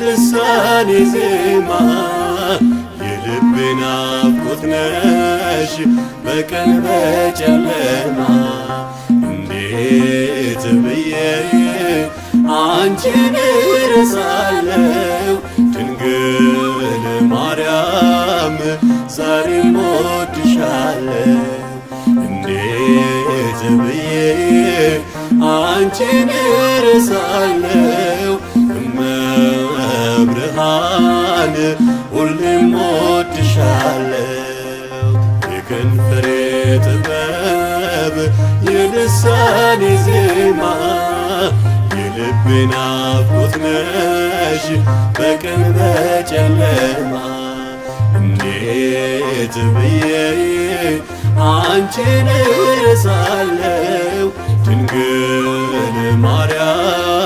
ልሳኔ ዜማ የልቤን ናፍቆት ነሽ በቀን በጨለማ እንዴት ብዬ አንቺን እረሳለሁ ድንግል ማርያም ዛሬም እወድሻለሁ እንዴት ብዬ አንቺን እረሳለሁ ብርሃን ሁሌም ወድሻለው የከንፈሬ ጥበብ የልሳኔ ዜማ የልቤ ናፍቆት ነሽ በቀን በጨለማ እንዴት ብዬ አንቺን እረሳለው ድንግል ማርያም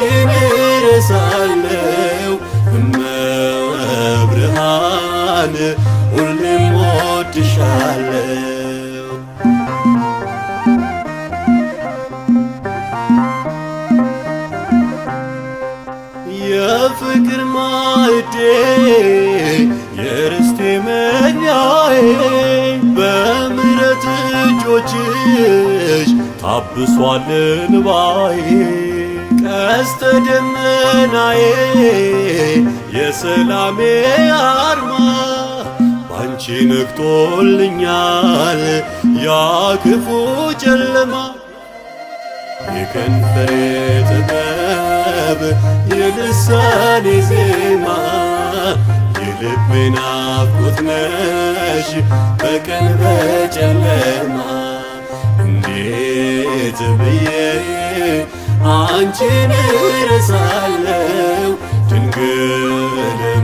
አንቺን እረሳለሁ እመብርሃን ሁሌም ወድሻለሁ። የፍቅር ማዕዴ የርስቴ መብያዬ በምረት እጆችሽ ታብሷል ልባዬ ቀስተ ደመናዬ የሰላሜ አርማ ባንቺ ነግቶልኛል ያ ክፉ ጨለማ የከንፈሬ ጥበብ የልሳኔ ዜማ የልቤ ናፍቆት ነሽ በቀን በጨለማ እንዴት ብዬ አንቺን እረሳለሁ ድንግል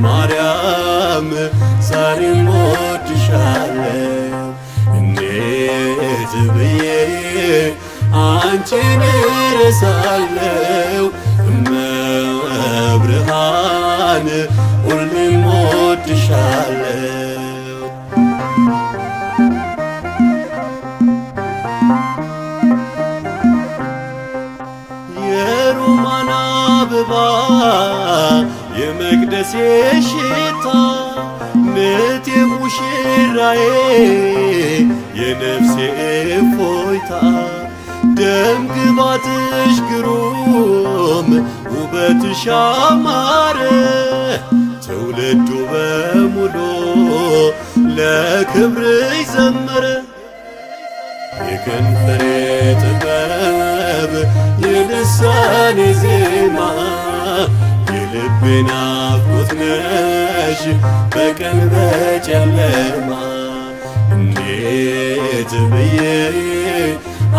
ማርያም ዛሬም ወድሻለሁ እንዴት ብዬ አንቺን እረሳለሁ እመብርሃን ሁሌም ወድሻለሁ የልብሴ ሽታ ምት የሙሽራዬ የነፍሴ እፎይታ ደም ግባትሽ ግሩም ውበትሽ አማረ ትውልዱ በሙሉ ለክብርሽ ዘመረ የከንፈሬ ጥበብ የልሳኔ ዜማ የልቤና ናፍቆት ነሽ በቀን በጨለማ እንዴት ብዬ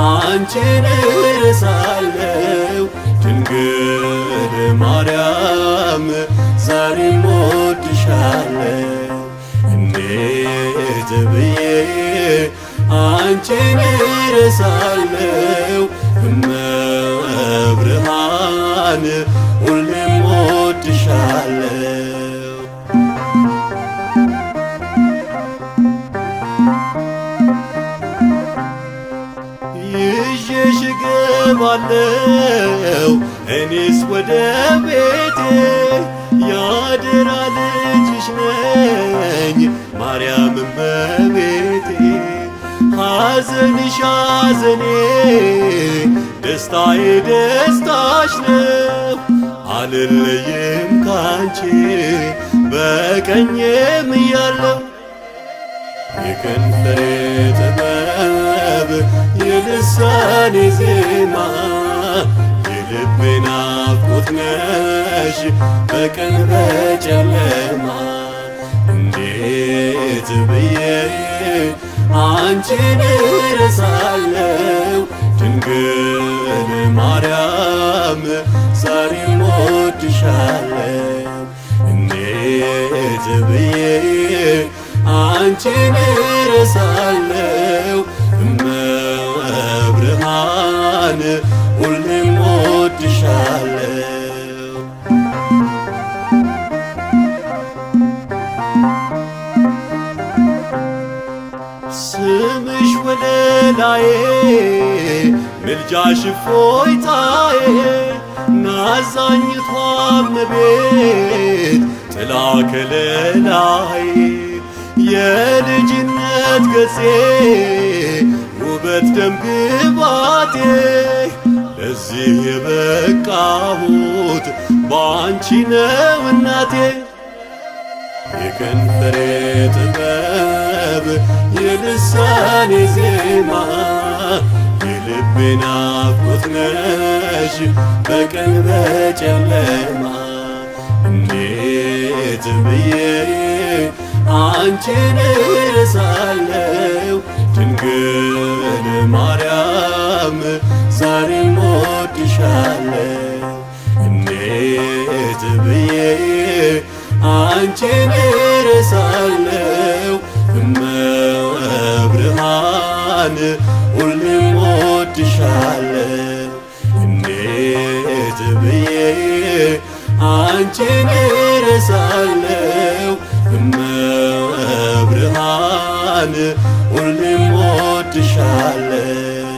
አንቺን እረሳለሁ ድንግል ማርያም ዛሬም እወድሻለሁ እንዴት ብዬ አንቺን እረሳለሁ ይዤሽ እገባለሁ እኔስ ወደ ቤቴ ያደራ ልጅሽ ነኝ ማርያም እመቤቴ ሐዘንሽ ሐዘኔ ደስታዬ ደስታሽ ነው አልለይም ካንቺ በቀኝም እያለው የከንፈሬ ጥበብ የልሳኔ ዜማ የልቤ ናፍቆት ነሽ በቀን በጨለማ እንዴት ብዬ አንቺን ረሳለው ድንግል ማርያም እንዴት ብዬ አንቺን መከራዬ ምልጃሽ እፎይታዬ ናዛኝቷ እመቤት ጥላ ከለላዬ የልጅነት ገጼ ውበት ደምግባቴ ለዚህ የበቃሁት በአንቺ ነው እናቴ የከንፈሬ ጥበብ የልሳኔ ዜማ የልቤ ናፍቆት ነሽ በቀን በጨለማ እንዴት ብዬ አንቺን እረሳለሁ ድንግል ማርያም ዛሬ ወድሻለሁ እንዴት ብዬ አንቺን እረሳለሁ ኪዳን ሁሌም ወድሻለሁ እንዴት ብዬ አንቺን እረሳለሁ እመብርሃን ሁሌም ወድሻለሁ